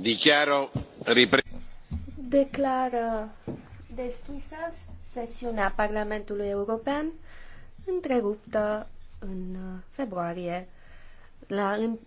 Dichiaro Declară deschisă sesiunea Parlamentului European, întreruptă în februarie la